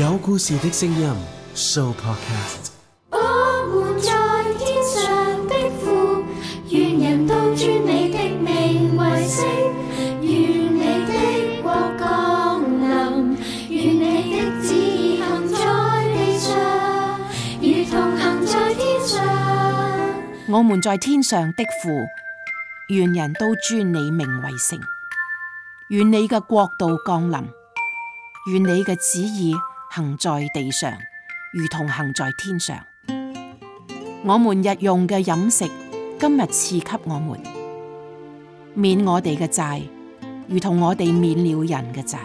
有故事的聲音，So Podcast。我們在天上的父，願人都尊你的名為聖，願你的國降臨，願你的旨意行在地上，如同行在天上。我們在天上的父，願人都尊你名為聖，願你嘅國度降臨，願你嘅旨意。行在地上，如同行在天上。我們日用嘅飲食，今日賜給我們，免我哋嘅債，如同我哋免了人嘅債。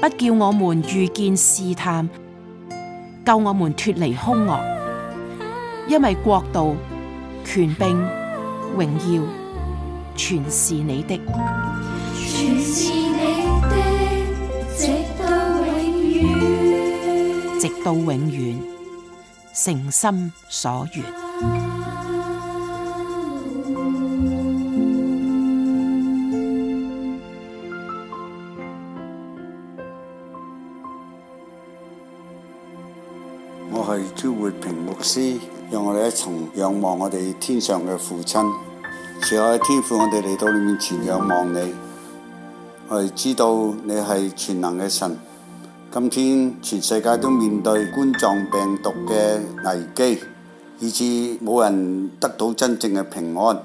不叫我們遇見試探，救我們脫離凶惡。因為國度、權柄、榮耀，全是你的。全是你到永遠，誠心所願。我係朱會平牧師，讓我哋一從仰望我哋天上嘅父親，慈愛天父，我哋嚟到你面前仰望你，我哋知道你係全能嘅神。今天全世界都面對冠狀病毒嘅危機，以至冇人得到真正嘅平安。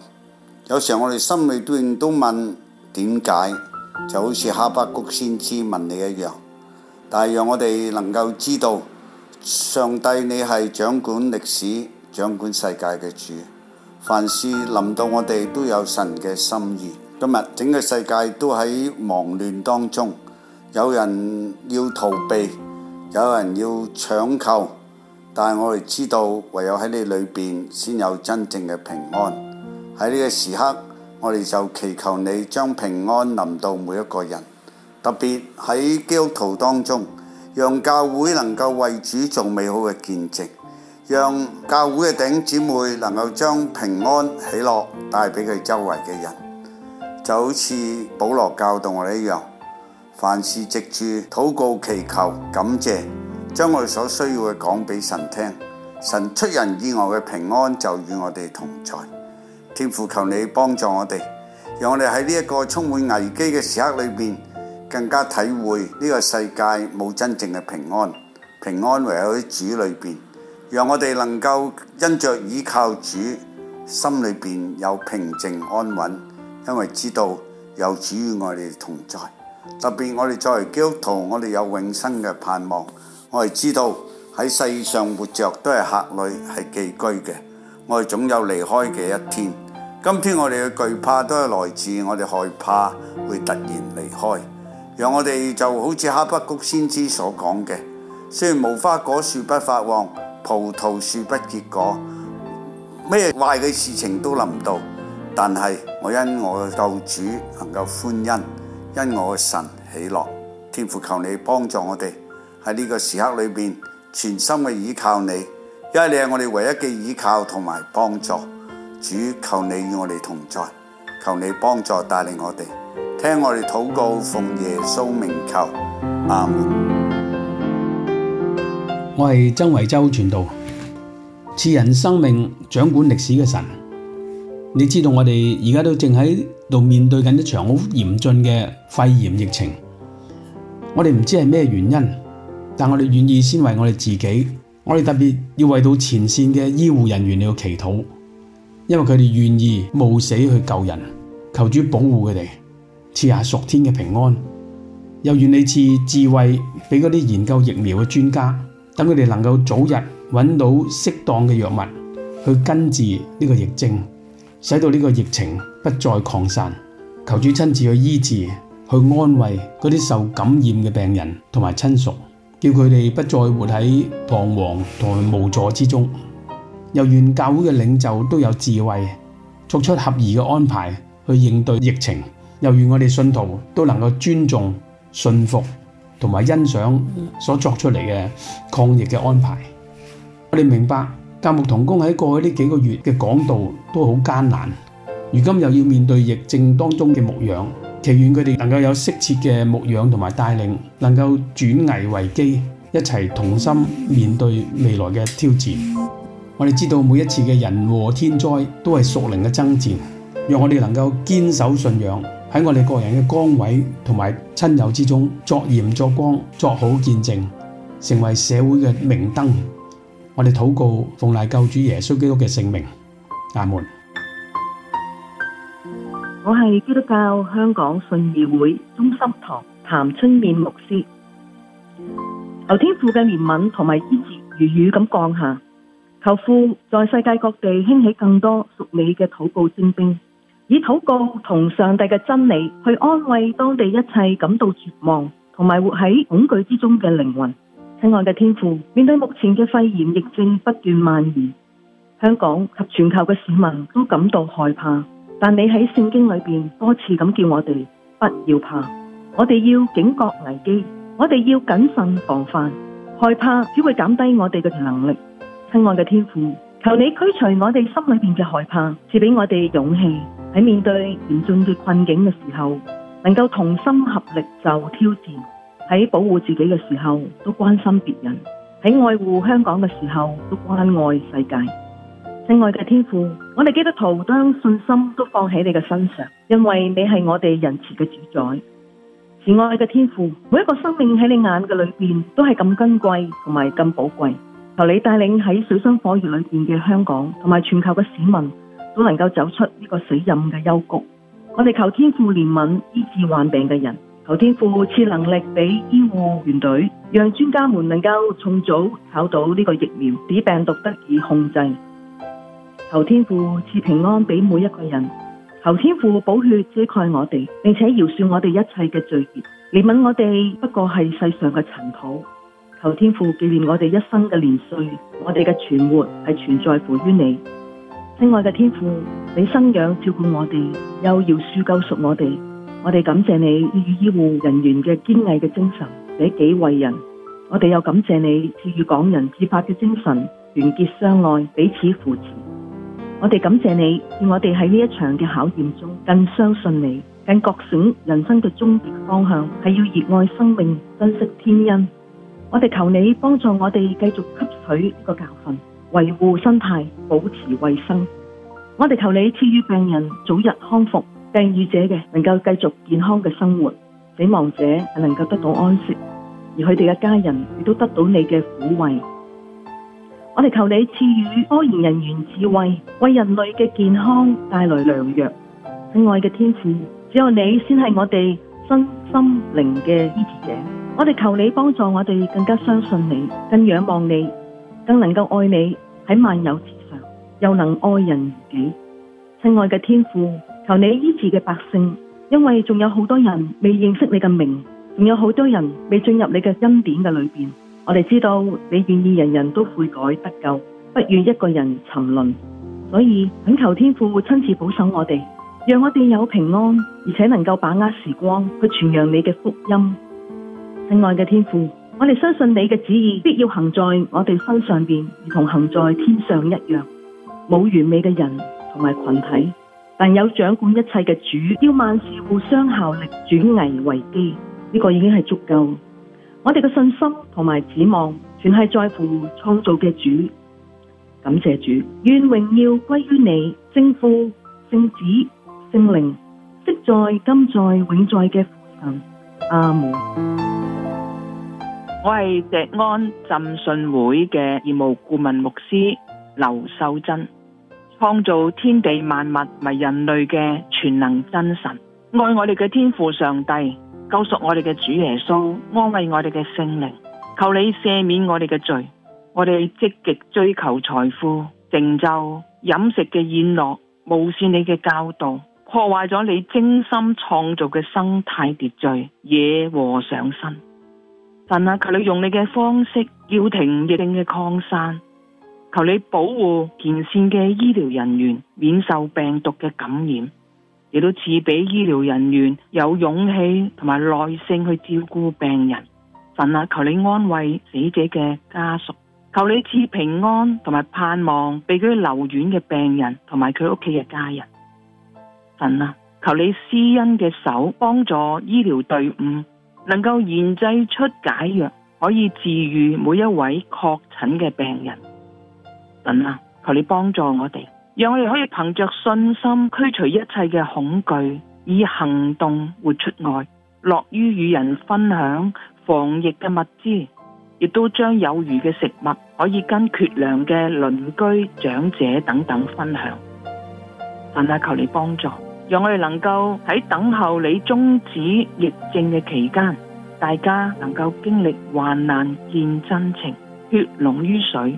有時候我哋心裏邊都問點解，就好似哈巴谷先知問你一樣。但係讓我哋能夠知道，上帝你係掌管歷史、掌管世界嘅主。凡事臨到我哋都有神嘅心意。今日整個世界都喺忙亂當中。有人要逃避，有人要搶購，但係我哋知道，唯有喺你裏邊先有真正嘅平安。喺呢個時刻，我哋就祈求你將平安臨到每一個人，特別喺基督徒當中，讓教會能夠為主做美好嘅見證，讓教會嘅頂姊妹能夠將平安喜樂帶俾佢周圍嘅人，就好似保羅教導我哋一樣。凡事藉著禱告祈求感謝，將我哋所需要嘅講俾神聽。神出人意外嘅平安就與我哋同在。天父求你幫助我哋，讓我哋喺呢一個充滿危機嘅時刻裏面，更加體會呢個世界冇真正嘅平安，平安唯有喺主裏面，讓我哋能夠因著倚靠主，心裏面有平靜安穩，因為知道有主與我哋同在。特別我哋作為基督徒，我哋有永生嘅盼望。我哋知道喺世上活着都係客旅，係寄居嘅。我哋總有離開嘅一天。今天我哋嘅懼怕都係來自我哋害怕會突然離開。讓我哋就好似哈巴谷先知所講嘅，雖然無花果樹不發旺，葡萄樹不結果，咩壞嘅事情都臨到，但係我因我嘅救主能夠歡欣。因我嘅神喜樂。天父求你幫助我哋喺呢個時刻裏邊，全心嘅倚靠你，因為你係我哋唯一嘅倚靠同埋幫助。主求你與我哋同在，求你幫助帶領我哋，聽我哋禱告，奉耶穌名求，阿門。我係曾維洲傳道，賜人生命、掌管歷史嘅神。你知道我哋而家都正喺度面對緊一場好嚴峻嘅肺炎疫情。我哋唔知係咩原因，但我哋願意先為我哋自己，我哋特別要為到前線嘅醫護人員嚟到祈禱，因為佢哋願意冒死去救人，求主保護佢哋，賜下屬天嘅平安。又願你賜智慧俾嗰啲研究疫苗嘅專家，等佢哋能夠早日揾到適當嘅藥物去根治呢個疫症。使到呢個疫情不再擴散，求主親自去醫治、去安慰嗰啲受感染嘅病人同埋親屬，叫佢哋不再活喺彷徨同埋無助之中。又願教會嘅領袖都有智慧，作出合宜嘅安排去應對疫情。又願我哋信徒都能夠尊重、信服同埋欣賞所作出嚟嘅抗疫嘅安排。我哋明白。教牧同工喺過去呢幾個月嘅講道都好艱難，如今又要面對疫症當中嘅牧養，祈願佢哋能夠有適切嘅牧養同埋帶領，能夠轉危為機，一齊同心面對未來嘅挑戰。我哋知道每一次嘅人禍天災都係屬靈嘅爭戰，讓我哋能夠堅守信仰，喺我哋個人嘅崗位同埋親友之中作鹽作光作好見證，成為社會嘅明燈。我哋禱告，奉賴救主耶穌基督嘅聖名，阿門。我係基督教香港信義會中心堂譚春面牧師。求天父嘅憐憫同埋支持如雨咁降下，求父在世界各地興起更多屬你嘅禱告精兵，以禱告同上帝嘅真理去安慰當地一切感到絕望同埋活喺恐懼之中嘅靈魂。親愛的天父，面對目前嘅肺炎疫症不斷蔓延，香港及全球嘅市民都感到害怕。但你喺聖經裏面多次咁叫我哋不要怕，我哋要警覺危機，我哋要謹慎防範。害怕只會減低我哋嘅能力。親愛的天父，求你驅除我哋心裏面嘅害怕，賜俾我哋勇氣，喺面對嚴峻嘅困境嘅時候，能夠同心合力就挑戰。喺保護自己嘅時候都關心別人，喺愛護香港嘅時候都關愛世界。聖愛嘅天父，我哋基督徒都將信心都放喺你嘅身上，因為你係我哋仁慈嘅主宰。慈愛嘅天父，每一個生命喺你眼嘅裏面都係這咁珍貴同埋咁寶貴。求你帶領喺水深火熱裏面嘅香港同埋全球嘅市民都能夠走出呢個死蔭嘅幽谷。我哋求天父憐憫醫治患病嘅人。求天父賜能力俾醫護人員讓，專家們能夠盡早找到呢個疫苗，使病毒得以控制。求天父，賜平安俾每一個人。求天父寶血遮蓋我哋，並且饒恕我哋一切嘅罪孽。憐憫我哋不過是世上嘅塵土。求天父紀念我哋一生嘅年歲，我哋嘅存活是全在乎於你。親愛嘅天父，你生養照顧我哋，又饒恕救贖我哋。我哋感謝你，與醫護人員嘅堅毅嘅精神，捨己為人；我哋又感謝你賜予港人自發嘅精神，團結相愛，彼此扶持。我哋感謝你，讓我哋喺呢一場嘅考驗中，更相信你，更覺醒人生嘅終極方向係要熱愛生命，珍惜天恩。我哋求你幫助我哋繼續吸取呢個教訓，維護生態，保持衛生。我哋求你賜予病人早日康復。病癒者嘅能夠繼續健康嘅生活，死亡者能夠得到安息，而佢哋嘅家人亦都得到你嘅撫慰。我哋求你賜予科研人員智慧，為人類嘅健康帶來良藥。親愛嘅天父，只有你先係我哋身心靈嘅醫治者。我哋求你幫助我哋更加相信你，更仰望你，更能夠愛你喺萬有之上，又能愛人如己。親愛嘅天父。求你醫治嘅百姓，因為仲有好多人未認識你嘅名，仲有好多人未進入你嘅恩典嘅裏邊。我哋知道你願意人人都悔改得救，不願一個人沉淪，所以懇求天父會親自保守我哋，讓我哋有平安，而且能夠把握時光去傳揚你嘅福音。親愛的天父，我哋相信你嘅旨意必要行在我哋身上邊，如同行在天上一樣。冇完美嘅人同埋群體。但有掌管一切嘅主，要萬事互相效力，轉危為機，呢、這個已經係足夠。我哋嘅信心同埋指望，全係在乎創造嘅主。感謝主，願榮耀歸於你，聖父、聖子、聖靈，昔在、今在、永在嘅父神。阿門。我係石安浸信會嘅義務顧問牧師劉秀珍。創造天地萬物為人類嘅全能真神，愛我哋嘅天父上帝，救贖我哋嘅主耶穌，安慰我哋嘅聖靈，求你赦免我哋嘅罪，我哋積極追求財富、成就、飲食嘅宴樂，無視你嘅教導，破壞咗你精心創造嘅生態秩序，惹禍上身。神啊，求你用你嘅方式叫停疫症嘅擴散。求你保護前線嘅醫療人員免受病毒嘅感染，亦都賜俾醫療人員有勇氣同埋耐性去照顧病人。神啊，求你安慰死者嘅家屬，求你賜平安同埋盼望俾佢留院嘅病人同埋佢屋企嘅家人。神啊，求你施恩嘅手幫助醫療隊伍能夠研製出解藥，可以治癒每一位確診嘅病人。等啊、嗯，求你幫助我哋，讓我哋可以憑着信心驅除一切嘅恐懼，以行動活出愛，樂於與人分享防疫嘅物資，亦都將有餘嘅食物可以跟缺糧嘅鄰居、長者等等分享。等、嗯、啊、嗯，求你幫助，讓我哋能夠喺等候你終止疫症嘅期間，大家能夠經歷患難見真情，血濃於水。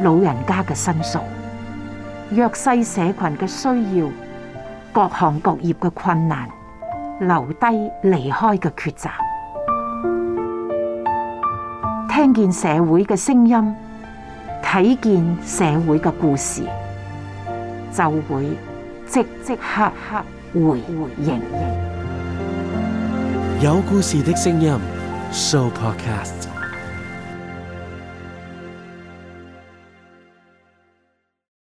老人家嘅申訴，弱勢社群嘅需要，各行各業嘅困難，留低離開嘅抉擇，聽見社會嘅聲音，睇見社會嘅故事，就會即即刻刻回回應應，有故事的聲音，Show Podcast。Show